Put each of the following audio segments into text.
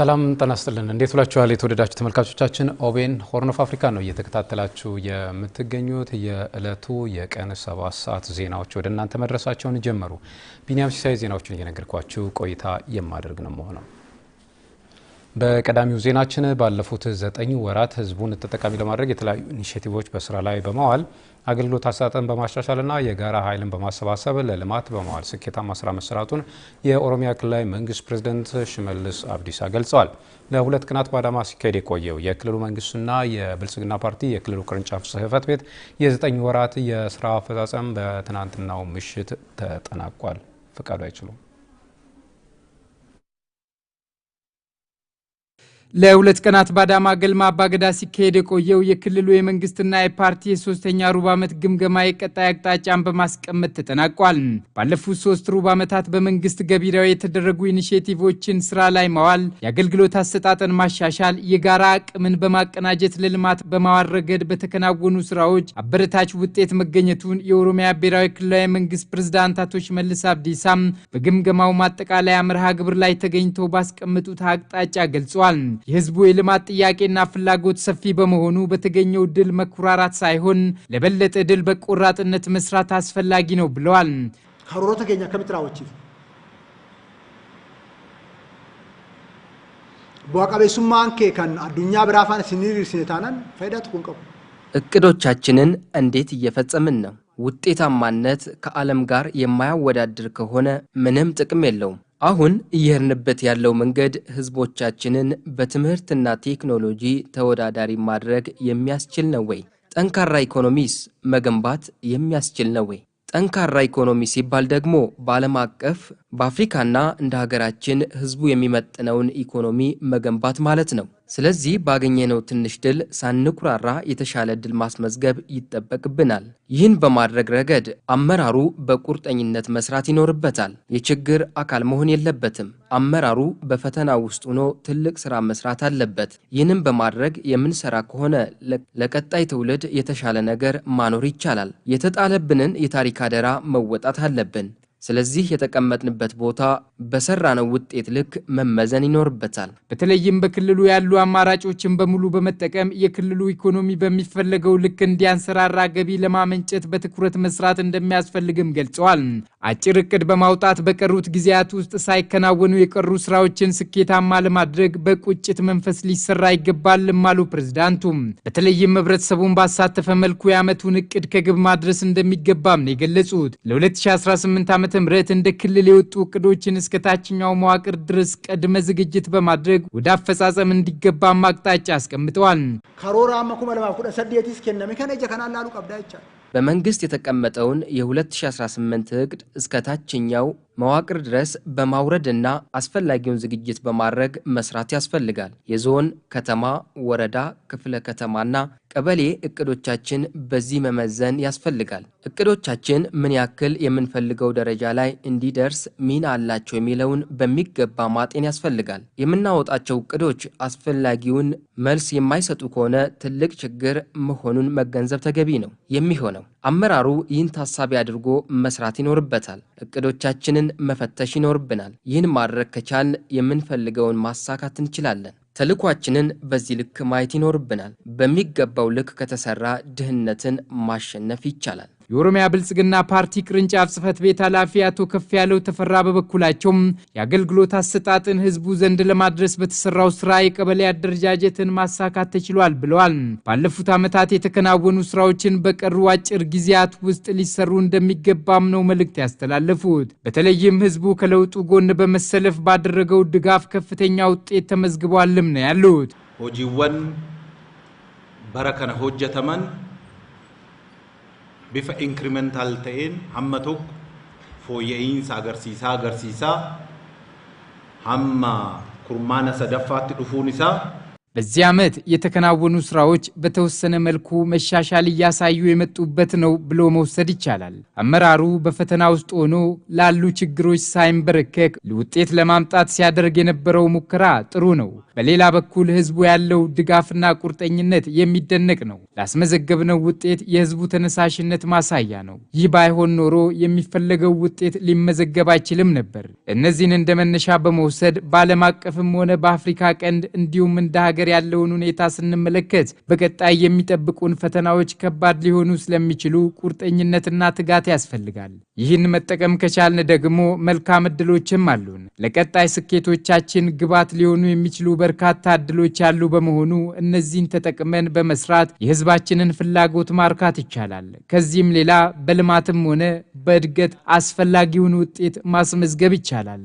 ሰላም ጠናስጥልን እንዴት ውላችኋል? የተወደዳችሁ ተመልካቾቻችን ኦቤን ሆርን ኦፍ አፍሪካ ነው እየተከታተላችሁ የምትገኙት። የዕለቱ የቀን ሰባት ሰዓት ዜናዎች ወደ እናንተ መድረሳቸውን ጀመሩ። ቢኒያም ሲሳይ ዜናዎቹን እየነገርኳችሁ ቆይታ የማደርግ ነው መሆነው በቀዳሚው ዜናችን ባለፉት ዘጠኝ ወራት ህዝቡን ተጠቃሚ ለማድረግ የተለያዩ ኢኒሽቲቮች በስራ ላይ በመዋል አገልግሎት አሰጣጥን በማሻሻልና የጋራ ኃይልን በማሰባሰብ ለልማት በመዋል ስኬታማ ስራ መሰራቱን የኦሮሚያ ክልላዊ መንግስት ፕሬዝደንት ሽመልስ አብዲሳ ገልጸዋል። ለሁለት ቀናት በአዳማ ሲካሄድ የቆየው የክልሉ መንግስትና የብልጽግና ፓርቲ የክልሉ ቅርንጫፍ ጽህፈት ቤት የዘጠኝ ወራት የስራ አፈጻጸም በትናንትናው ምሽት ተጠናቋል። ፈቃዱ አይችሉም ለሁለት ቀናት በአዳማ ገልማ አባገዳ ሲካሄድ የቆየው የክልሉ የመንግስትና የፓርቲ የሶስተኛ ሩብ ዓመት ግምገማ የቀጣይ አቅጣጫን በማስቀመጥ ተጠናቋል። ባለፉት ሶስት ሩብ ዓመታት በመንግስት ገቢራዊ የተደረጉ ኢኒሽቲቮችን ስራ ላይ ማዋል፣ የአገልግሎት አሰጣጠን ማሻሻል፣ የጋራ አቅምን በማቀናጀት ለልማት በማዋል ረገድ በተከናወኑ ስራዎች አበረታች ውጤት መገኘቱን የኦሮሚያ ብሔራዊ ክልላዊ መንግስት ፕሬዝዳንት አቶ ሽመልስ አብዲሳም በግምገማው ማጠቃለያ መርሃ ግብር ላይ ተገኝተው ባስቀመጡት አቅጣጫ ገልጿል። የህዝቡ የልማት ጥያቄና ፍላጎት ሰፊ በመሆኑ በተገኘው ድል መኩራራት ሳይሆን ለበለጠ ድል በቆራጥነት መስራት አስፈላጊ ነው ብለዋል። ከሮሮ ተገኛ ከምትራዎች በዋቃቤሱማን አንኬ ከን አዱኛ ብራፋን ሲኒር ሲኔታናን ፋይዳ ትኩን እቅዶቻችንን እንዴት እየፈጸምን ነው? ውጤታማነት ከዓለም ጋር የማያወዳድር ከሆነ ምንም ጥቅም የለውም። አሁን እየሄድንበት ያለው መንገድ ህዝቦቻችንን በትምህርትና ቴክኖሎጂ ተወዳዳሪ ማድረግ የሚያስችል ነው ወይ? ጠንካራ ኢኮኖሚስ መገንባት የሚያስችል ነው ወይ? ጠንካራ ኢኮኖሚ ሲባል ደግሞ በዓለም አቀፍ በአፍሪካና እንደ ሀገራችን ህዝቡ የሚመጥነውን ኢኮኖሚ መገንባት ማለት ነው። ስለዚህ ባገኘነው ትንሽ ድል ሳንኩራራ የተሻለ ድል ማስመዝገብ ይጠበቅብናል። ይህን በማድረግ ረገድ አመራሩ በቁርጠኝነት መስራት ይኖርበታል። የችግር አካል መሆን የለበትም። አመራሩ በፈተና ውስጥ ሆኖ ትልቅ ስራ መስራት አለበት። ይህንም በማድረግ የምንሰራ ከሆነ ለቀጣይ ትውልድ የተሻለ ነገር ማኖር ይቻላል። የተጣለብንን የታሪክ አደራ መወጣት አለብን። ስለዚህ የተቀመጥንበት ቦታ በሰራነው ውጤት ልክ መመዘን ይኖርበታል። በተለይም በክልሉ ያሉ አማራጮችን በሙሉ በመጠቀም የክልሉ ኢኮኖሚ በሚፈለገው ልክ እንዲያንሰራራ ገቢ ለማመንጨት በትኩረት መስራት እንደሚያስፈልግም ገልጸዋል። አጭር እቅድ በማውጣት በቀሩት ጊዜያት ውስጥ ሳይከናወኑ የቀሩ ስራዎችን ስኬታማ ለማድረግ በቁጭት መንፈስ ሊሰራ ይገባልም አሉ ፕሬዝዳንቱም። በተለይም ህብረተሰቡን ባሳተፈ መልኩ የአመቱን እቅድ ከግብ ማድረስ እንደሚገባም ነው የገለጹት። ለ2018 ዓ እንደ ክልል የወጡ እቅዶችን እስከ ታችኛው መዋቅር ድረስ ቅድመ ዝግጅት በማድረግ ወደ አፈጻጸም እንዲገባ አቅጣጫ አስቀምጠዋል። ከሮራ መኩመ ኩደ ሰዴቲስ ከነሚ ከነጀ ከናላሉ ቀብዳ ይቻል በመንግስት የተቀመጠውን የ2018 እቅድ እስከ ታችኛው መዋቅር ድረስ በማውረድና አስፈላጊውን ዝግጅት በማድረግ መስራት ያስፈልጋል። የዞን ከተማ፣ ወረዳ፣ ክፍለ ከተማና ቀበሌ እቅዶቻችን በዚህ መመዘን ያስፈልጋል። እቅዶቻችን ምን ያክል የምንፈልገው ደረጃ ላይ እንዲደርስ ሚና አላቸው የሚለውን በሚገባ ማጤን ያስፈልጋል። የምናወጣቸው እቅዶች አስፈላጊውን መልስ የማይሰጡ ከሆነ ትልቅ ችግር መሆኑን መገንዘብ ተገቢ ነው የሚሆነው አመራሩ ይህን ታሳቢ አድርጎ መስራት ይኖርበታል። እቅዶቻችንን መፈተሽ ይኖርብናል። ይህን ማድረግ ከቻልን የምንፈልገውን ማሳካት እንችላለን። ተልኳችንን በዚህ ልክ ማየት ይኖርብናል። በሚገባው ልክ ከተሰራ ድህነትን ማሸነፍ ይቻላል። የኦሮሚያ ብልጽግና ፓርቲ ቅርንጫፍ ጽህፈት ቤት ኃላፊ አቶ ከፍ ያለው ተፈራ በበኩላቸውም የአገልግሎት አሰጣጥን ህዝቡ ዘንድ ለማድረስ በተሰራው ስራ የቀበሌ አደረጃጀትን ማሳካት ተችሏል ብለዋል። ባለፉት ዓመታት የተከናወኑ ስራዎችን በቀሩ አጭር ጊዜያት ውስጥ ሊሰሩ እንደሚገባም ነው መልእክት ያስተላለፉት። በተለይም ህዝቡ ከለውጡ ጎን በመሰለፍ ባደረገው ድጋፍ ከፍተኛ ውጤት ተመዝግቧልም ነው ያሉት። ሆጂወን በረከነ ሆጀተመን bifa inkrimental ta'een hamma tokko fooyya'insa agarsiisaa agarsiisaa hamma kurmaana sadaffaatti dhufuun isaa በዚህ ዓመት የተከናወኑ ስራዎች በተወሰነ መልኩ መሻሻል እያሳዩ የመጡበት ነው ብሎ መውሰድ ይቻላል። አመራሩ በፈተና ውስጥ ሆኖ ላሉ ችግሮች ሳይንበረከክ ውጤት ለማምጣት ሲያደርግ የነበረው ሙከራ ጥሩ ነው። በሌላ በኩል ህዝቡ ያለው ድጋፍና ቁርጠኝነት የሚደነቅ ነው። ላስመዘገብነው ውጤት የህዝቡ ተነሳሽነት ማሳያ ነው። ይህ ባይሆን ኖሮ የሚፈለገው ውጤት ሊመዘገብ አይችልም ነበር። እነዚህን እንደ መነሻ በመውሰድ በዓለም አቀፍም ሆነ በአፍሪካ ቀንድ እንዲሁም እንደ ሀገር ያለውን ሁኔታ ስንመለከት በቀጣይ የሚጠብቁን ፈተናዎች ከባድ ሊሆኑ ስለሚችሉ ቁርጠኝነትና ትጋት ያስፈልጋል። ይህን መጠቀም ከቻልን ደግሞ መልካም እድሎችም አሉን። ለቀጣይ ስኬቶቻችን ግብዓት ሊሆኑ የሚችሉ በርካታ እድሎች ያሉ በመሆኑ እነዚህን ተጠቅመን በመስራት የህዝባችንን ፍላጎት ማርካት ይቻላል። ከዚህም ሌላ በልማትም ሆነ በእድገት አስፈላጊውን ውጤት ማስመዝገብ ይቻላል።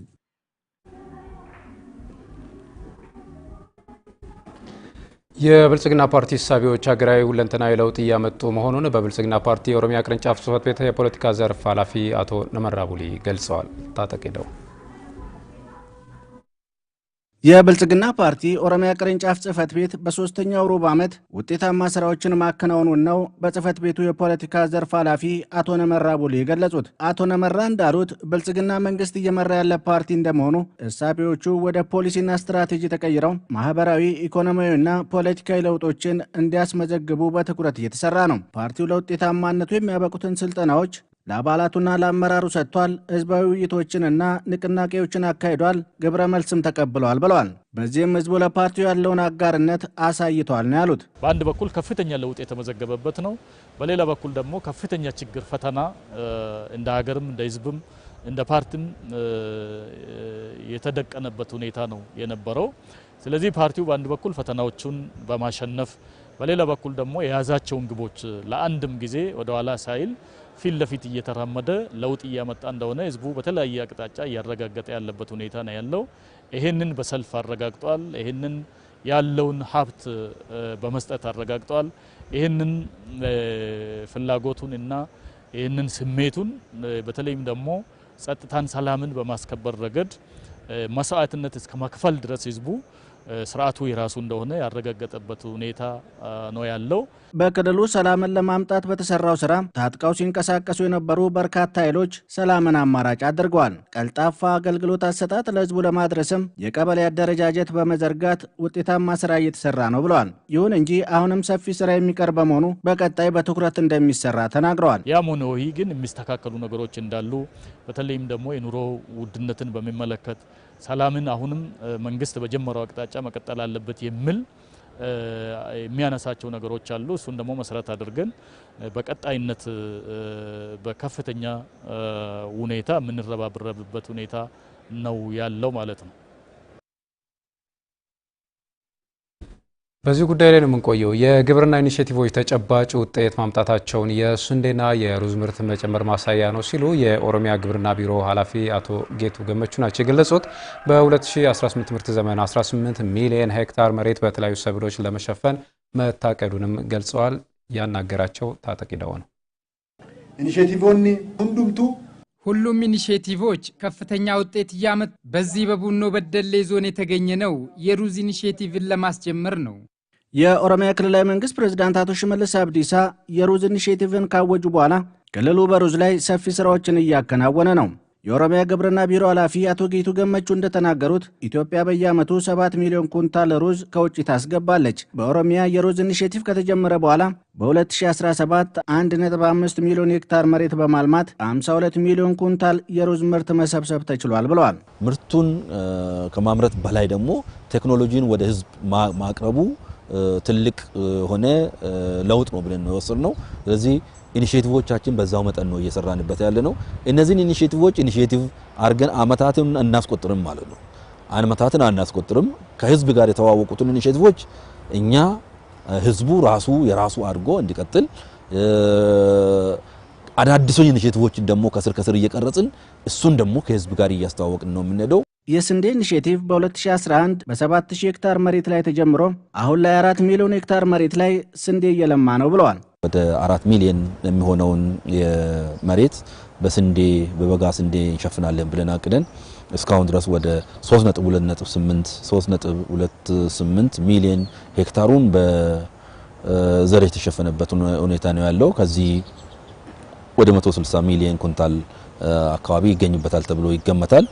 የብልጽግና ፓርቲ እሳቢዎች ሀገራዊ ሁለንተናዊ ለውጥ እያመጡ መሆኑን በብልጽግና ፓርቲ የኦሮሚያ ቅርንጫፍ ጽሕፈት ቤት የፖለቲካ ዘርፍ ኃላፊ አቶ ነመራ ቡሊ ገልጸዋል። ታጠቅ ሄደው የብልጽግና ፓርቲ ኦሮሚያ ቅርንጫፍ ጽህፈት ቤት በሶስተኛው ሩብ ዓመት ውጤታማ ስራዎችን ማከናወኑን ነው በጽህፈት ቤቱ የፖለቲካ ዘርፍ ኃላፊ አቶ ነመራ ቡሌ የገለጹት። አቶ ነመራ እንዳሉት ብልጽግና መንግስት እየመራ ያለ ፓርቲ እንደመሆኑ እሳቤዎቹ ወደ ፖሊሲና ስትራቴጂ ተቀይረው ማህበራዊ፣ ኢኮኖሚያዊና ፖለቲካዊ ለውጦችን እንዲያስመዘግቡ በትኩረት እየተሰራ ነው። ፓርቲው ለውጤታማነቱ የሚያበቁትን ስልጠናዎች ለአባላቱና ለአመራሩ ሰጥቷል። ህዝባዊ ውይይቶችንና ንቅናቄዎችን አካሂዷል። ግብረ መልስም ተቀብለዋል ብለዋል። በዚህም ህዝቡ ለፓርቲው ያለውን አጋርነት አሳይተዋል ነው ያሉት። በአንድ በኩል ከፍተኛ ለውጥ የተመዘገበበት ነው። በሌላ በኩል ደግሞ ከፍተኛ ችግር፣ ፈተና እንደ ሀገርም እንደ ህዝብም እንደ ፓርቲም የተደቀነበት ሁኔታ ነው የነበረው። ስለዚህ ፓርቲው በአንድ በኩል ፈተናዎቹን በማሸነፍ በሌላ በኩል ደግሞ የያዛቸውን ግቦች ለአንድም ጊዜ ወደኋላ ሳይል ፊት ለፊት እየተራመደ ለውጥ እያመጣ እንደሆነ ህዝቡ በተለያየ አቅጣጫ እያረጋገጠ ያለበት ሁኔታ ነው ያለው። ይህንን በሰልፍ አረጋግጧል። ይህንን ያለውን ሀብት በመስጠት አረጋግጧል። ይህንን ፍላጎቱን እና ይህንን ስሜቱን በተለይም ደግሞ ጸጥታን፣ ሰላምን በማስከበር ረገድ መስዋዕትነት እስከ መክፈል ድረስ ህዝቡ ስርዓቱ የራሱ እንደሆነ ያረጋገጠበት ሁኔታ ነው ያለው። በክልሉ ሰላምን ለማምጣት በተሰራው ስራ ታጥቀው ሲንቀሳቀሱ የነበሩ በርካታ ኃይሎች ሰላምን አማራጭ አድርገዋል። ቀልጣፋ አገልግሎት አሰጣጥ ለህዝቡ ለማድረስም የቀበሌ አደረጃጀት በመዘርጋት ውጤታማ ስራ እየተሰራ ነው ብለዋል። ይሁን እንጂ አሁንም ሰፊ ስራ የሚቀር በመሆኑ በቀጣይ በትኩረት እንደሚሰራ ተናግረዋል። ያም ሆነ ይህ ግን የሚስተካከሉ ነገሮች እንዳሉ በተለይም ደግሞ የኑሮ ውድነትን በሚመለከት ሰላምን አሁንም መንግስት በጀመረው አቅጣጫ መቀጠል አለበት የሚል የሚያነሳቸው ነገሮች አሉ። እሱን ደግሞ መሰረት አድርገን በቀጣይነት በከፍተኛ ሁኔታ የምንረባረብበት ሁኔታ ነው ያለው ማለት ነው። በዚህ ጉዳይ ላይ ነው የምንቆየው። የግብርና ኢኒሽቲቮች ተጨባጭ ውጤት ማምጣታቸውን የስንዴና የሩዝ ምርት መጨመር ማሳያ ነው ሲሉ የኦሮሚያ ግብርና ቢሮ ኃላፊ አቶ ጌቱ ገመቹ ናቸው የገለጹት። በ2018 ምርት ዘመን 18 ሚሊዮን ሄክታር መሬት በተለያዩ ሰብሎች ለመሸፈን መታቀዱንም ገልጸዋል። ያናገራቸው ታጠቅ ደው ነው። ኢኒሽቲቮኒ ሁንዱምቱ ሁሉም ኢኒሼቲቮች ከፍተኛ ውጤት እያመጡ በዚህ በቡኖ በደሌ ዞን የተገኘ ነው የሩዝ ኢኒሽቲቭን ለማስጀመር ነው። የኦሮሚያ ክልላዊ መንግስት ፕሬዚዳንት አቶ ሽመልስ አብዲሳ የሩዝ ኢኒሽቲቭን ካወጁ በኋላ ክልሉ በሩዝ ላይ ሰፊ ስራዎችን እያከናወነ ነው። የኦሮሚያ ግብርና ቢሮ ኃላፊ አቶ ጌቱ ገመቹ እንደተናገሩት ኢትዮጵያ በየዓመቱ 7 ሚሊዮን ኩንታል ሩዝ ከውጭ ታስገባለች። በኦሮሚያ የሩዝ ኢኒሽቲቭ ከተጀመረ በኋላ በ2017 1.5 ሚሊዮን ሄክታር መሬት በማልማት 52 ሚሊዮን ኩንታል የሩዝ ምርት መሰብሰብ ተችሏል ብለዋል። ምርቱን ከማምረት በላይ ደግሞ ቴክኖሎጂን ወደ ህዝብ ማቅረቡ ትልቅ ሆነ ለውጥ ነው ብለን ነው የወሰድነው። ስለዚህ ኢኒሼቲቮቻችን በዛው መጠን ነው እየሰራንበት ያለ ነው። እነዚህን ኢኒሼቲቮች ኢኒሼቲቭ አድርገን አመታትን እናስቆጥርም ማለት ነው። አመታትን አናስቆጥርም። ከህዝብ ጋር የተዋወቁትን ኢኒሼቲቮች እኛ ህዝቡ ራሱ የራሱ አድርጎ እንዲቀጥል አዳዲሶች ኢኒሼቲቮችን ደግሞ ከስር ከስር እየቀረጽን እሱን ደግሞ ከህዝብ ጋር እያስተዋወቅን ነው የምንሄደው። የስንዴ ኢኒሽቲቭ በ2011 በ7000 ሄክታር መሬት ላይ ተጀምሮ አሁን ላይ 4 ሚሊዮን ሄክታር መሬት ላይ ስንዴ እየለማ ነው ብለዋል። ወደ 4 ሚሊዮን የሚሆነውን መሬት በስንዴ በበጋ ስንዴ እንሸፍናለን ብለን አቅደን እስካሁን ድረስ ወደ 3.28 ሚሊዮን ሄክታሩን በዘር የተሸፈነበት ሁኔታ ነው ያለው። ከዚህ ወደ 160 ሚሊዮን ኩንታል አካባቢ ይገኝበታል ተብሎ ይገመታል።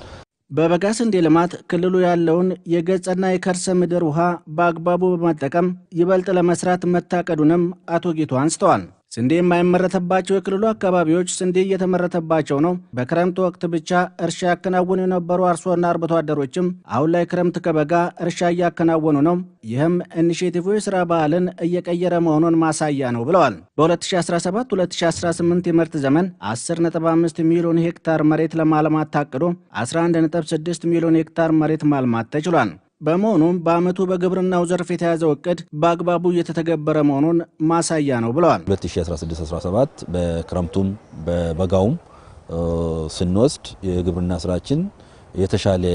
በበጋ ስንዴ ልማት ክልሉ ያለውን የገጸና የከርሰ ምድር ውሃ በአግባቡ በመጠቀም ይበልጥ ለመስራት መታቀዱንም አቶ ጌቱ አንስተዋል። ስንዴ የማይመረተባቸው የክልሉ አካባቢዎች ስንዴ እየተመረተባቸው ነው። በክረምት ወቅት ብቻ እርሻ ያከናውኑ የነበሩ አርሶና አርብቶ አደሮችም አሁን ላይ ክረምት ከበጋ እርሻ እያከናወኑ ነው። ይህም ኢኒሽቲቭ የስራ ባህልን እየቀየረ መሆኑን ማሳያ ነው ብለዋል። በ2017-2018 የምርት ዘመን 10.5 ሚሊዮን ሄክታር መሬት ለማልማት ታቅዶ 11.6 ሚሊዮን ሄክታር መሬት ማልማት ተችሏል። በመሆኑም በዓመቱ በግብርናው ዘርፍ የተያዘው እቅድ በአግባቡ እየተተገበረ መሆኑን ማሳያ ነው ብለዋል። 2016/17 በክረምቱም በበጋውም ስንወስድ የግብርና ስራችን የተሻለ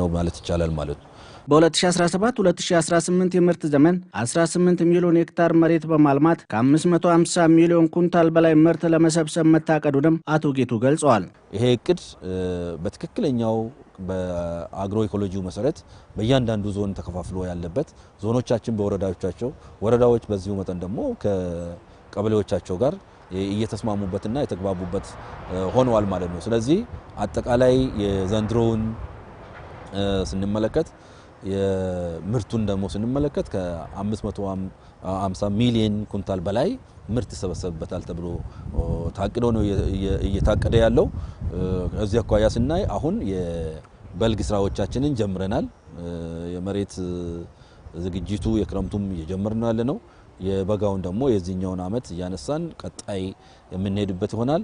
ነው ማለት ይቻላል ማለት ነው። በ2017-2018 የምርት ዘመን 18 ሚሊዮን ሄክታር መሬት በማልማት ከ550 ሚሊዮን ኩንታል በላይ ምርት ለመሰብሰብ መታቀዱንም አቶ ጌቱ ገልጸዋል። ይሄ እቅድ በትክክለኛው በአግሮ ኢኮሎጂው መሰረት በእያንዳንዱ ዞን ተከፋፍሎ ያለበት ዞኖቻችን በወረዳዎቻቸው ወረዳዎች በዚሁ መጠን ደግሞ ከቀበሌዎቻቸው ጋር እየተስማሙበትና የተግባቡበት ሆነዋል ማለት ነው። ስለዚህ አጠቃላይ የዘንድሮውን ስንመለከት የምርቱን ደግሞ ስንመለከት ከ550 ሚሊዮን ኩንታል በላይ ምርት ይሰበሰብበታል ተብሎ ታቅዶ ነው እየታቀደ ያለው። እዚህ አኳያ ስናይ አሁን በልግ ስራዎቻችንን ጀምረናል። የመሬት ዝግጅቱ የክረምቱም እየጀመር ነው ያለ ነው። የበጋውን ደግሞ የዚህኛውን አመት እያነሳን ቀጣይ የምንሄድበት ይሆናል።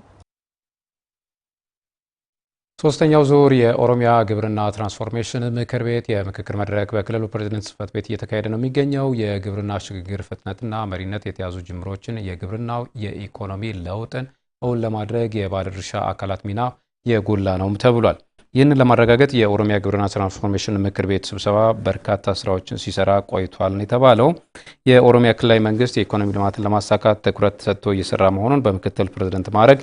ሶስተኛው ዙር የኦሮሚያ ግብርና ትራንስፎርሜሽን ምክር ቤት የምክክር መድረክ በክልሉ ፕሬዚደንት ጽህፈት ቤት እየተካሄደ ነው የሚገኘው። የግብርና ሽግግር ፍጥነትና መሪነት የተያዙ ጅምሮችን፣ የግብርናው የኢኮኖሚ ለውጥን እውን ለማድረግ የባለድርሻ አካላት ሚና የጎላ ነውም ተብሏል። ይህንን ለማረጋገጥ የኦሮሚያ ግብርና ትራንስፎርሜሽን ምክር ቤት ስብሰባ በርካታ ስራዎችን ሲሰራ ቆይቷል ነው የተባለው። የኦሮሚያ ክልላዊ መንግስት የኢኮኖሚ ልማትን ለማሳካት ትኩረት ሰጥቶ እየሰራ መሆኑን በምክትል ፕሬዝደንት ማዕረግ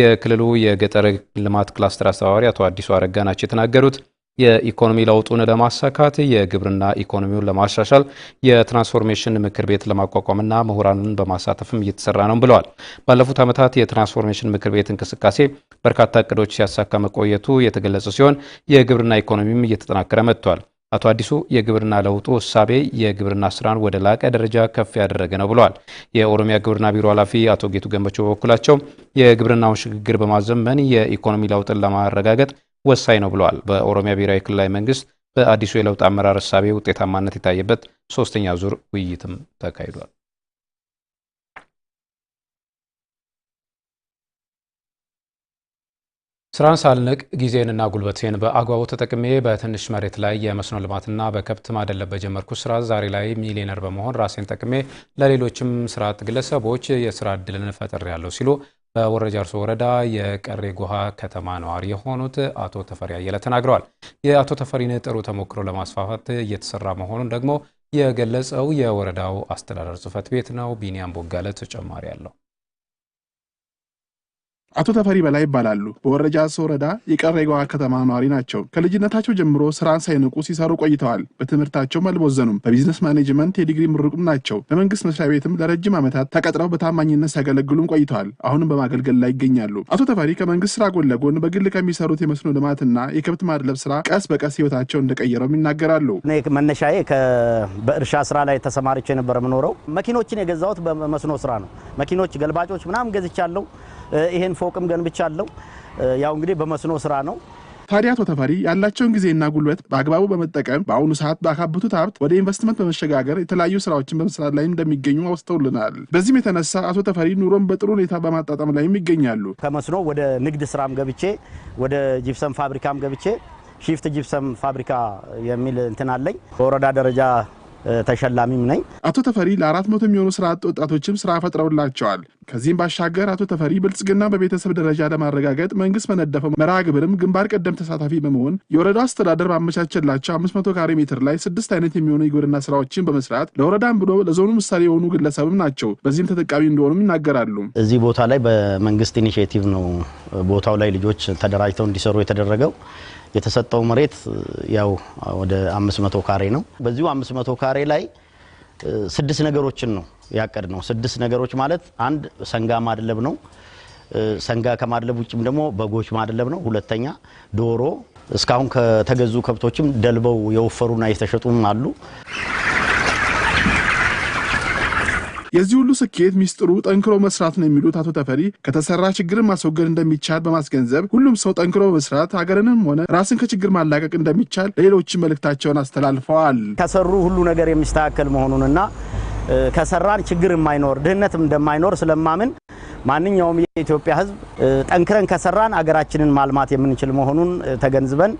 የክልሉ የገጠር ልማት ክላስተር አስተባባሪ አቶ አዲሱ አረጋ ናቸው የተናገሩት። የኢኮኖሚ ለውጡን ለማሳካት የግብርና ኢኮኖሚውን ለማሻሻል የትራንስፎርሜሽን ምክር ቤት ለማቋቋምና ምሁራንን በማሳተፍም እየተሰራ ነው ብለዋል። ባለፉት ዓመታት የትራንስፎርሜሽን ምክር ቤት እንቅስቃሴ በርካታ እቅዶች ሲያሳካ መቆየቱ የተገለጸ ሲሆን የግብርና ኢኮኖሚም እየተጠናከረ መጥቷል። አቶ አዲሱ የግብርና ለውጡ እሳቤ የግብርና ስራን ወደ ላቀ ደረጃ ከፍ ያደረገ ነው ብለዋል። የኦሮሚያ ግብርና ቢሮ ኃላፊ አቶ ጌቱ ገንበቾ በበኩላቸው የግብርናውን ሽግግር በማዘመን የኢኮኖሚ ለውጥን ለማረጋገጥ ወሳኝ ነው ብለዋል። በኦሮሚያ ብሔራዊ ክልላዊ መንግስት በአዲሱ የለውጥ አመራር እሳቤ ውጤታማነት የታየበት ሶስተኛ ዙር ውይይትም ተካሂዷል። ስራን ሳልንቅ ጊዜንና ጉልበቴን በአግባቡ ተጠቅሜ በትንሽ መሬት ላይ የመስኖ ልማትና በከብት ማደለብ በጀመርኩ ስራ ዛሬ ላይ ሚሊዮነር በመሆን ራሴን ጠቅሜ ለሌሎችም ስርዓት ግለሰቦች የስራ እድልን ፈጥሬያለሁ ሲሉ በወረጃ አርሶ ወረዳ የቀሬ ጎሃ ከተማ ነዋሪ የሆኑት አቶ ተፈሪ አየለ ተናግረዋል። የአቶ ተፈሪን ጥሩ ተሞክሮ ለማስፋፋት እየተሰራ መሆኑን ደግሞ የገለጸው የወረዳው አስተዳደር ጽሕፈት ቤት ነው። ቢኒያም ቦጋለ ተጨማሪ አለው። አቶ ተፈሪ በላይ ይባላሉ። በወረጃ ወረዳ የቀረ የገዋ ከተማ ነዋሪ ናቸው። ከልጅነታቸው ጀምሮ ስራን ሳይንቁ ሲሰሩ ቆይተዋል። በትምህርታቸውም አልቦዘኑም። በቢዝነስ ማኔጅመንት የዲግሪ ምሩቅም ናቸው። በመንግስት መስሪያ ቤትም ለረጅም ዓመታት ተቀጥረው በታማኝነት ሲያገለግሉም ቆይተዋል። አሁንም በማገልገል ላይ ይገኛሉ። አቶ ተፈሪ ከመንግስት ስራ ጎን ለጎን በግል ከሚሰሩት የመስኖ ልማትና የከብት ማድለብ ስራ ቀስ በቀስ ህይወታቸው እንደቀየረውም ይናገራሉ። መነሻዬ በእርሻ ስራ ላይ ተሰማርቼ ነበር የምኖረው። መኪኖችን የገዛሁት በመስኖ ስራ ነው። መኪኖች ገልባጮች ምናምን ገዝቻለሁ ይሄን ፎቅም ገንብቻለሁ። ያው እንግዲህ በመስኖ ስራ ነው። ታዲያ አቶ ተፈሪ ያላቸውን ጊዜና ጉልበት በአግባቡ በመጠቀም በአሁኑ ሰዓት ባካበቱት ሀብት ወደ ኢንቨስትመንት በመሸጋገር የተለያዩ ስራዎችን በመስራት ላይ እንደሚገኙ አውስተውልናል። በዚህም የተነሳ አቶ ተፈሪ ኑሮን በጥሩ ሁኔታ በማጣጣም ላይም ይገኛሉ። ከመስኖ ወደ ንግድ ስራም ገብቼ ወደ ጂፕሰም ፋብሪካም ገብቼ ሺፍት ጂፕሰም ፋብሪካ የሚል እንትን አለኝ በወረዳ ደረጃ ተሸላሚም ነኝ። አቶ ተፈሪ ለአራት መቶ የሚሆኑ ስራ አጥ ወጣቶችም ስራ ፈጥረውላቸዋል። ከዚህም ባሻገር አቶ ተፈሪ ብልጽግና በቤተሰብ ደረጃ ለማረጋገጥ መንግስት በነደፈው መርሃ ግብርም ግንባር ቀደም ተሳታፊ በመሆን የወረዳው አስተዳደር ባመቻቸላቸው አምስት መቶ ካሬ ሜትር ላይ ስድስት አይነት የሚሆኑ የግብርና ስራዎችን በመስራት ለወረዳም ብሎ ለዞኑ ምሳሌ የሆኑ ግለሰብም ናቸው። በዚህም ተጠቃሚ እንደሆኑም ይናገራሉ። እዚህ ቦታ ላይ በመንግስት ኢኒሽቲቭ ነው ቦታው ላይ ልጆች ተደራጅተው እንዲሰሩ የተደረገው የተሰጠው መሬት ያው ወደ 500 ካሬ ነው። በዚሁ 500 ካሬ ላይ ስድስት ነገሮችን ነው ያቀድ ነው። ስድስት ነገሮች ማለት አንድ ሰንጋ ማድለብ ነው። ሰንጋ ከማድለብ ውጭም ደግሞ በጎች ማድለብ ነው። ሁለተኛ ዶሮ፣ እስካሁን ከተገዙ ከብቶችም ደልበው የወፈሩና የተሸጡም አሉ። የዚህ ሁሉ ስኬት ሚስጥሩ ጠንክሮ መስራት ነው የሚሉት አቶ ተፈሪ ከተሰራ ችግርን ማስወገድ እንደሚቻል በማስገንዘብ ሁሉም ሰው ጠንክሮ በመስራት ሀገርንም ሆነ ራስን ከችግር ማላቀቅ እንደሚቻል ሌሎችን መልእክታቸውን አስተላልፈዋል። ከሰሩ ሁሉ ነገር የሚስተካከል መሆኑንና ከሰራን ችግር የማይኖር ድህነትም እንደማይኖር ስለማምን ማንኛውም የኢትዮጵያ ሕዝብ ጠንክረን ከሰራን አገራችንን ማልማት የምንችል መሆኑን ተገንዝበን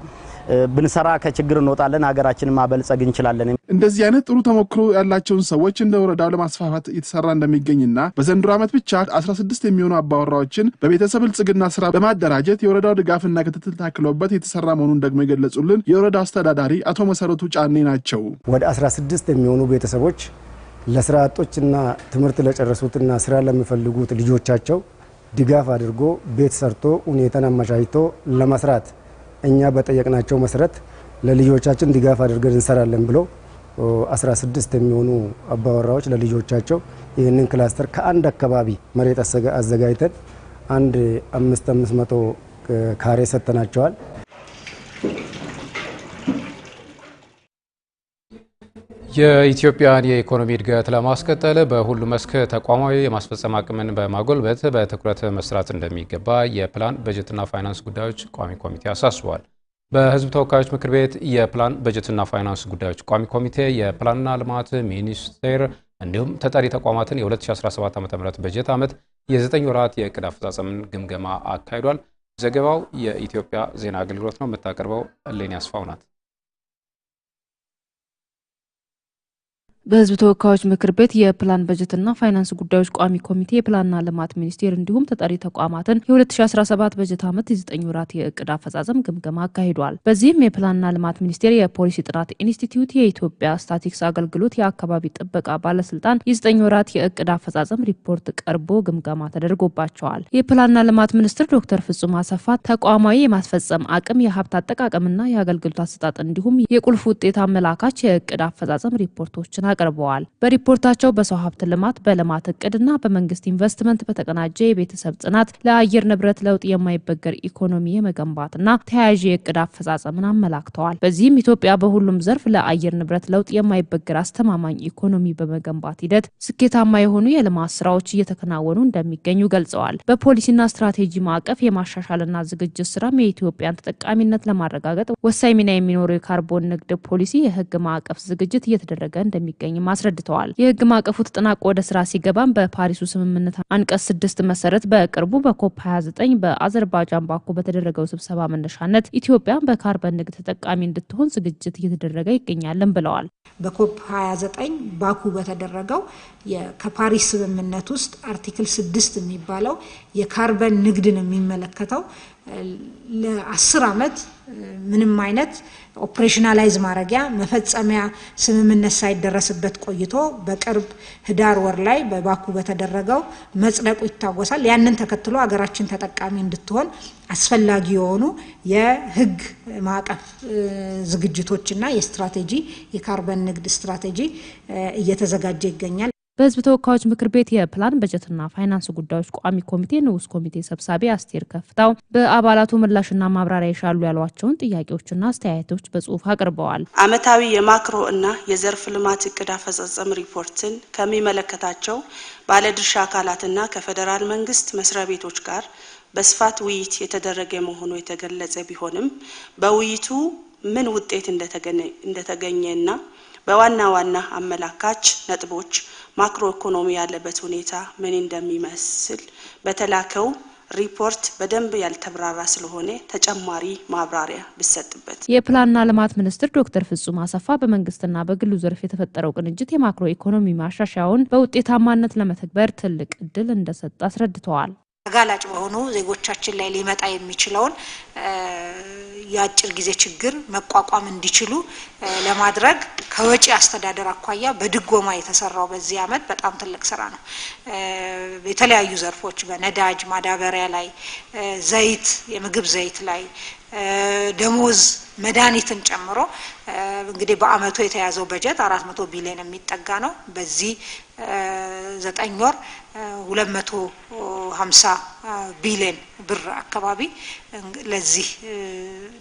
ብንሰራ ከችግር እንወጣለን፣ ሀገራችን ማበልጸግ እንችላለን። እንደዚህ አይነት ጥሩ ተሞክሮ ያላቸውን ሰዎች እንደ ወረዳው ለማስፋፋት እየተሰራ እንደሚገኝና በዘንድሮ ዓመት ብቻ 16 የሚሆኑ አባወራዎችን በቤተሰብ ብልጽግና ስራ በማደራጀት የወረዳው ድጋፍና ክትትል ታክለውበት የተሰራ መሆኑን ደግሞ የገለጹልን የወረዳው አስተዳዳሪ አቶ መሰረቱ ጫኔ ናቸው። ወደ 16 የሚሆኑ ቤተሰቦች ለስራ አጦችና ትምህርት ለጨረሱትና ስራ ለሚፈልጉት ልጆቻቸው ድጋፍ አድርጎ ቤት ሰርቶ ሁኔታን አመቻችቶ ለመስራት እኛ በጠየቅናቸው መሰረት ለልጆቻችን ድጋፍ አድርገን እንሰራለን ብለው 16 የሚሆኑ አባወራዎች ለልጆቻቸው ይህንን ክላስተር ከአንድ አካባቢ መሬት አዘጋጅተን አንድ አምስት አምስት መቶ ካሬ ሰጥተናቸዋል። የኢትዮጵያን የኢኮኖሚ እድገት ለማስቀጠል በሁሉ መስክ ተቋማዊ የማስፈጸም አቅምን በማጎልበት በትኩረት መስራት እንደሚገባ የፕላን በጀትና ፋይናንስ ጉዳዮች ቋሚ ኮሚቴ አሳስቧል። በሕዝብ ተወካዮች ምክር ቤት የፕላን በጀትና ፋይናንስ ጉዳዮች ቋሚ ኮሚቴ የፕላንና ልማት ሚኒስቴር እንዲሁም ተጠሪ ተቋማትን የ2017 ም በጀት ዓመት የዘጠኝ ወራት የእቅድ አፈጻጸምን ግምገማ አካሂዷል። ዘገባው የኢትዮጵያ ዜና አገልግሎት ነው። የምታቀርበው እሌኒ አስፋው ናት። በህዝብ ተወካዮች ምክር ቤት የፕላን በጀትና ፋይናንስ ጉዳዮች ቋሚ ኮሚቴ የፕላንና ልማት ሚኒስቴር እንዲሁም ተጠሪ ተቋማትን የ2017 በጀት ዓመት የዘጠኝ ወራት የእቅድ አፈጻጸም ግምገማ አካሂዷል። በዚህም የፕላንና ልማት ሚኒስቴር የፖሊሲ ጥናት ኢንስቲትዩት፣ የኢትዮጵያ ስታቲክስ አገልግሎት፣ የአካባቢ ጥበቃ ባለስልጣን የዘጠኝ ወራት የእቅድ አፈጻጸም ሪፖርት ቀርቦ ግምገማ ተደርጎባቸዋል። የፕላንና ልማት ሚኒስትር ዶክተር ፍጹም አሰፋ ተቋማዊ የማስፈጸም አቅም፣ የሀብት አጠቃቀምና የአገልግሎት አሰጣጥ እንዲሁም የቁልፍ ውጤት አመላካች የእቅድ አፈጻጸም ሪፖርቶችን አቅርበዋል። በሪፖርታቸው በሰው ሀብት ልማት፣ በልማት እቅድና በመንግስት ኢንቨስትመንት በተቀናጀ የቤተሰብ ጽናት ለአየር ንብረት ለውጥ የማይበገር ኢኮኖሚ የመገንባትና ተያያዥ የእቅድ አፈጻጸምን አመላክተዋል። በዚህም ኢትዮጵያ በሁሉም ዘርፍ ለአየር ንብረት ለውጥ የማይበገር አስተማማኝ ኢኮኖሚ በመገንባት ሂደት ስኬታማ የሆኑ የልማት ስራዎች እየተከናወኑ እንደሚገኙ ገልጸዋል። በፖሊሲና ስትራቴጂ ማዕቀፍ የማሻሻልና ዝግጅት ስራም የኢትዮጵያን ተጠቃሚነት ለማረጋገጥ ወሳኝ ሚና የሚኖረው የካርቦን ንግድ ፖሊሲ የህግ ማዕቀፍ ዝግጅት እየተደረገ እንደሚገኝ እንደሚገኝም አስረድተዋል። የህግ ማዕቀፉ ተጠናቆ ወደ ስራ ሲገባም በፓሪሱ ስምምነት አንቀጽ ስድስት መሰረት በቅርቡ በኮፕ 29 በአዘርባጃን ባኩ በተደረገው ስብሰባ መነሻነት ኢትዮጵያ በካርበን ንግድ ተጠቃሚ እንድትሆን ዝግጅት እየተደረገ ይገኛለን ብለዋል። በኮፕ 29 ባኩ በተደረገው ከፓሪስ ስምምነት ውስጥ አርቲክል ስድስት የሚባለው የካርበን ንግድን የሚመለከተው ለአስር ዓመት ምንም አይነት ኦፕሬሽናላይዝ ማድረጊያ መፈጸሚያ ስምምነት ሳይደረስበት ቆይቶ በቅርብ ህዳር ወር ላይ በባኩ በተደረገው መጽደቁ ይታወሳል። ያንን ተከትሎ ሀገራችን ተጠቃሚ እንድትሆን አስፈላጊ የሆኑ የህግ ማዕቀፍ ዝግጅቶችና የስትራቴጂ የካርበን ንግድ ስትራቴጂ እየተዘጋጀ ይገኛል። በህዝብ ተወካዮች ምክር ቤት የፕላን በጀትና ፋይናንስ ጉዳዮች ቋሚ ኮሚቴ ንዑስ ኮሚቴ ሰብሳቢ አስቴር ከፍታው በአባላቱ ምላሽና ማብራሪያ ይሻሉ ያሏቸውን ጥያቄዎችና አስተያየቶች በጽሁፍ አቅርበዋል። አመታዊ የማክሮ እና የዘርፍ ልማት እቅድ አፈጻጸም ሪፖርትን ከሚመለከታቸው ባለድርሻ አካላትና ከፌዴራል መንግስት መስሪያ ቤቶች ጋር በስፋት ውይይት የተደረገ መሆኑ የተገለጸ ቢሆንም በውይይቱ ምን ውጤት እንደተገኘ እና በዋና ዋና አመላካች ነጥቦች ማክሮ ኢኮኖሚ ያለበት ሁኔታ ምን እንደሚመስል በተላከው ሪፖርት በደንብ ያልተብራራ ስለሆነ ተጨማሪ ማብራሪያ ብሰጥበት። የፕላንና ልማት ሚኒስትር ዶክተር ፍጹም አሰፋ በመንግስትና በግሉ ዘርፍ የተፈጠረው ቅንጅት የማክሮ ኢኮኖሚ ማሻሻያውን በውጤታማነት ለመተግበር ትልቅ እድል እንደሰጠ አስረድተዋል። አጋላጭ በሆኑ ዜጎቻችን ላይ ሊመጣ የሚችለውን የአጭር ጊዜ ችግር መቋቋም እንዲችሉ ለማድረግ ከወጪ አስተዳደር አኳያ በድጎማ የተሰራው በዚህ አመት በጣም ትልቅ ስራ ነው። የተለያዩ ዘርፎች በነዳጅ ማዳበሪያ ላይ፣ ዘይት፣ የምግብ ዘይት ላይ ደሞዝ መድኃኒትን ጨምሮ እንግዲህ በአመቱ የተያዘው በጀት አራት መቶ ቢሊዮን የሚጠጋ ነው። በዚህ ዘጠኝ ወር ሁለት መቶ ሀምሳ ቢሊዮን ብር አካባቢ ለዚህ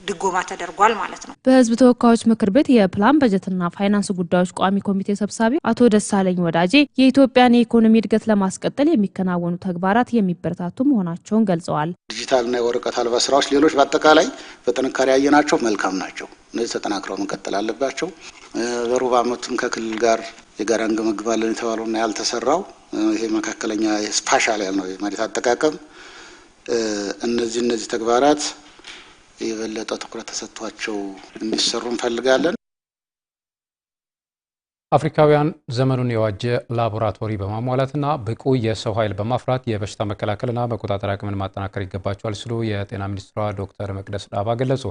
ድጎማ ተደርጓል ማለት ነው። በህዝብ ተወካዮች ምክር ቤት የፕላን በጀትና ፋይናንስ ጉዳዮች ቋሚ ኮሚቴ ሰብሳቢ አቶ ደሳለኝ ወዳጄ የኢትዮጵያን የኢኮኖሚ እድገት ለማስቀጠል የሚከናወኑ ተግባራት የሚበረታቱ መሆናቸውን ገልጸዋል። ዲጂታልና የወረቀት አልባ ስራዎች፣ ሌሎች በአጠቃላይ በጥንካሬ ያየናቸው መልካም ናቸው። እነዚህ ተጠናክረው መቀጠል አለባቸው። በሩብ ዓመቱም ከክልል ጋር የጋራ እንገመግባለን የተባለውና ያልተሰራው ይሄ መካከለኛ ስፓሻል ያልነው የመሬት አጠቃቀም እነዚህ እነዚህ ተግባራት የበለጠ ትኩረት ተሰጥቷቸው እንዲሰሩ እንፈልጋለን። አፍሪካውያን ዘመኑን የዋጀ ላቦራቶሪ በማሟላትና ብቁ የሰው ኃይል በማፍራት የበሽታ መከላከልና መቆጣጠር አቅምን ማጠናከር ይገባቸዋል ሲሉ የጤና ሚኒስትሯ ዶክተር መቅደስ ዳባ ገለጹ።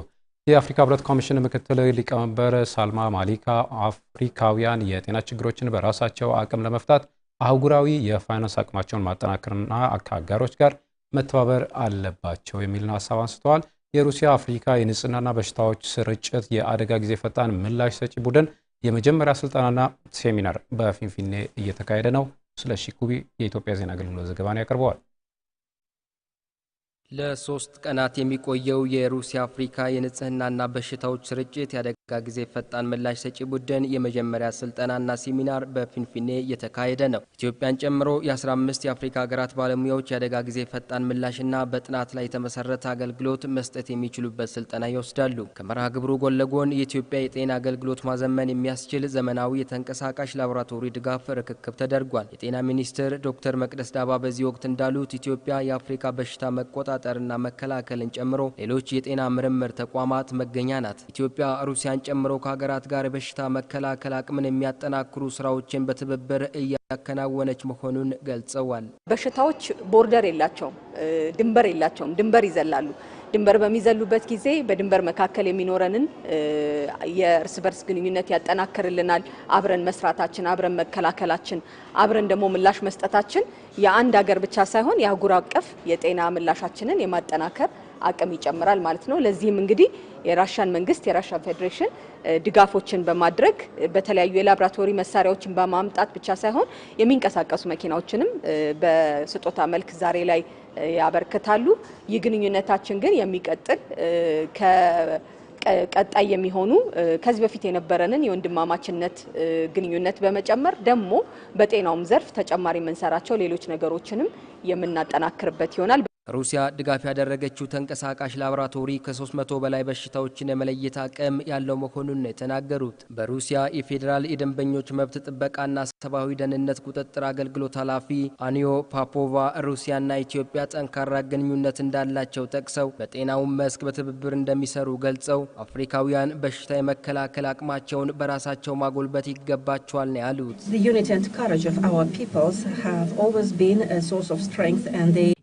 የአፍሪካ ህብረት ኮሚሽን ምክትል ሊቀመንበር ሳልማ ማሊካ አፍሪካውያን የጤና ችግሮችን በራሳቸው አቅም ለመፍታት አህጉራዊ የፋይናንስ አቅማቸውን ማጠናከርና ከአጋሮች ጋር መተባበር አለባቸው የሚል ሀሳብ አንስተዋል። የሩሲያ አፍሪካ የንጽህናና በሽታዎች ስርጭት የአደጋ ጊዜ ፈጣን ምላሽ ሰጪ ቡድን የመጀመሪያ ስልጠናና ሴሚናር በፊንፊኔ እየተካሄደ ነው። ስለሺ ኩቢ የኢትዮጵያ ዜና አገልግሎት ዘገባን ያቀርበዋል። ለሶስት ቀናት የሚቆየው የሩሲያ አፍሪካ የንጽህናና በሽታዎች ስርጭት የአደጋ ጊዜ ፈጣን ምላሽ ሰጪ ቡድን የመጀመሪያ ስልጠናና ሴሚናር በፊንፊኔ እየተካሄደ ነው። ኢትዮጵያን ጨምሮ የ15 የአፍሪካ ሀገራት ባለሙያዎች የአደጋ ጊዜ ፈጣን ምላሽና በጥናት ላይ የተመሰረተ አገልግሎት መስጠት የሚችሉበት ስልጠና ይወስዳሉ። ከመርሃ ግብሩ ጎን ለጎን የኢትዮጵያ የጤና አገልግሎት ማዘመን የሚያስችል ዘመናዊ የተንቀሳቃሽ ላቦራቶሪ ድጋፍ ርክክብ ተደርጓል። የጤና ሚኒስትር ዶክተር መቅደስ ዳባ በዚህ ወቅት እንዳሉት ኢትዮጵያ የአፍሪካ በሽታ መቆጣጠ መቆጣጠርና መከላከልን ጨምሮ ሌሎች የጤና ምርምር ተቋማት መገኛ ናት። ኢትዮጵያ ሩሲያን ጨምሮ ከሀገራት ጋር የበሽታ መከላከል አቅምን የሚያጠናክሩ ስራዎችን በትብብር እያከናወነች መሆኑን ገልጸዋል። በሽታዎች ቦርደር የላቸውም፣ ድንበር የላቸውም፣ ድንበር ይዘላሉ። ድንበር በሚዘሉበት ጊዜ በድንበር መካከል የሚኖረንን የእርስ በርስ ግንኙነት ያጠናክርልናል። አብረን መስራታችን፣ አብረን መከላከላችን፣ አብረን ደግሞ ምላሽ መስጠታችን የአንድ ሀገር ብቻ ሳይሆን የአህጉር አቀፍ የጤና ምላሻችንን የማጠናከር አቅም ይጨምራል ማለት ነው። ለዚህም እንግዲህ የራሻን መንግስት የራሻን ፌዴሬሽን ድጋፎችን በማድረግ በተለያዩ የላብራቶሪ መሳሪያዎችን በማምጣት ብቻ ሳይሆን የሚንቀሳቀሱ መኪናዎችንም በስጦታ መልክ ዛሬ ላይ ያበረክታሉ። ይህ ግንኙነታችን ግን የሚቀጥል ቀጣይ የሚሆኑ ከዚህ በፊት የነበረንን የወንድማማችነት ግንኙነት በመጨመር ደግሞ በጤናውም ዘርፍ ተጨማሪ የምንሰራቸው ሌሎች ነገሮችንም የምናጠናክርበት ይሆናል። ሩሲያ ድጋፍ ያደረገችው ተንቀሳቃሽ ላብራቶሪ ከ300 በላይ በሽታዎችን የመለየት አቅም ያለው መሆኑን ነው የተናገሩት። በሩሲያ የፌዴራል የደንበኞች መብት ጥበቃና ሰብአዊ ደህንነት ቁጥጥር አገልግሎት ኃላፊ አኒዮ ፓፖቫ ሩሲያና ኢትዮጵያ ጠንካራ ግንኙነት እንዳላቸው ጠቅሰው በጤናውን መስክ በትብብር እንደሚሰሩ ገልጸው አፍሪካውያን በሽታ የመከላከል አቅማቸውን በራሳቸው ማጎልበት ይገባቸዋል ነው ያሉት።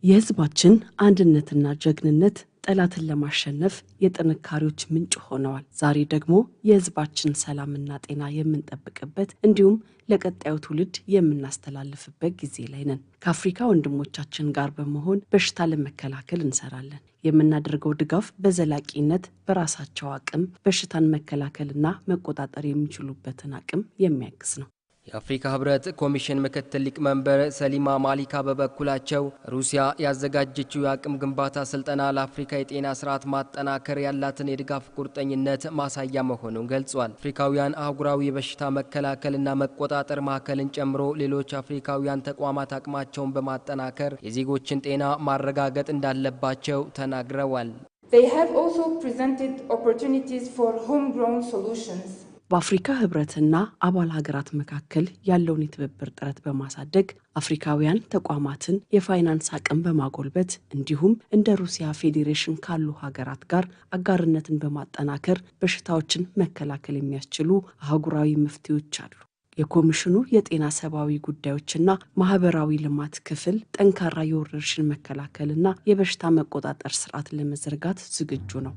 የህዝባችን ግን አንድነትና ጀግንነት ጠላትን ለማሸነፍ የጥንካሬዎች ምንጭ ሆነዋል። ዛሬ ደግሞ የህዝባችን ሰላምና ጤና የምንጠብቅበት እንዲሁም ለቀጣዩ ትውልድ የምናስተላልፍበት ጊዜ ላይ ነን። ከአፍሪካ ወንድሞቻችን ጋር በመሆን በሽታ ለመከላከል እንሰራለን። የምናደርገው ድጋፍ በዘላቂነት በራሳቸው አቅም በሽታን መከላከልና መቆጣጠር የሚችሉበትን አቅም የሚያግዝ ነው። የአፍሪካ ህብረት ኮሚሽን ምክትል ሊቀመንበር ሰሊማ ማሊካ በበኩላቸው ሩሲያ ያዘጋጀችው የአቅም ግንባታ ስልጠና ለአፍሪካ የጤና ስርዓት ማጠናከር ያላትን የድጋፍ ቁርጠኝነት ማሳያ መሆኑን ገልጿል። አፍሪካውያን አህጉራዊ የበሽታ መከላከልና መቆጣጠር ማዕከልን ጨምሮ ሌሎች አፍሪካውያን ተቋማት አቅማቸውን በማጠናከር የዜጎችን ጤና ማረጋገጥ እንዳለባቸው ተናግረዋል። They have also presented opportunities for homegrown solutions. በአፍሪካ ህብረትና አባል ሀገራት መካከል ያለውን የትብብር ጥረት በማሳደግ አፍሪካውያን ተቋማትን የፋይናንስ አቅም በማጎልበት እንዲሁም እንደ ሩሲያ ፌዴሬሽን ካሉ ሀገራት ጋር አጋርነትን በማጠናከር በሽታዎችን መከላከል የሚያስችሉ አህጉራዊ መፍትሄዎች አሉ። የኮሚሽኑ የጤና ሰብአዊ ጉዳዮችና ማህበራዊ ልማት ክፍል ጠንካራ የወረርሽን መከላከልና የበሽታ መቆጣጠር ስርዓት ለመዘርጋት ዝግጁ ነው።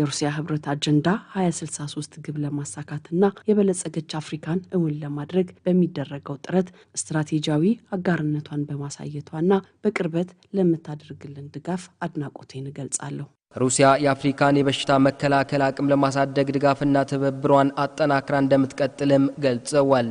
የሩሲያ ህብረት አጀንዳ 2063 ግብ ለማሳካትና የበለጸገች አፍሪካን እውን ለማድረግ በሚደረገው ጥረት ስትራቴጂያዊ አጋርነቷን በማሳየቷና በቅርበት ለምታደርግልን ድጋፍ አድናቆቴን እገልጻለሁ። ሩሲያ የአፍሪካን የበሽታ መከላከል አቅም ለማሳደግ ድጋፍና ትብብሯን አጠናክራ እንደምትቀጥልም ገልጸዋል።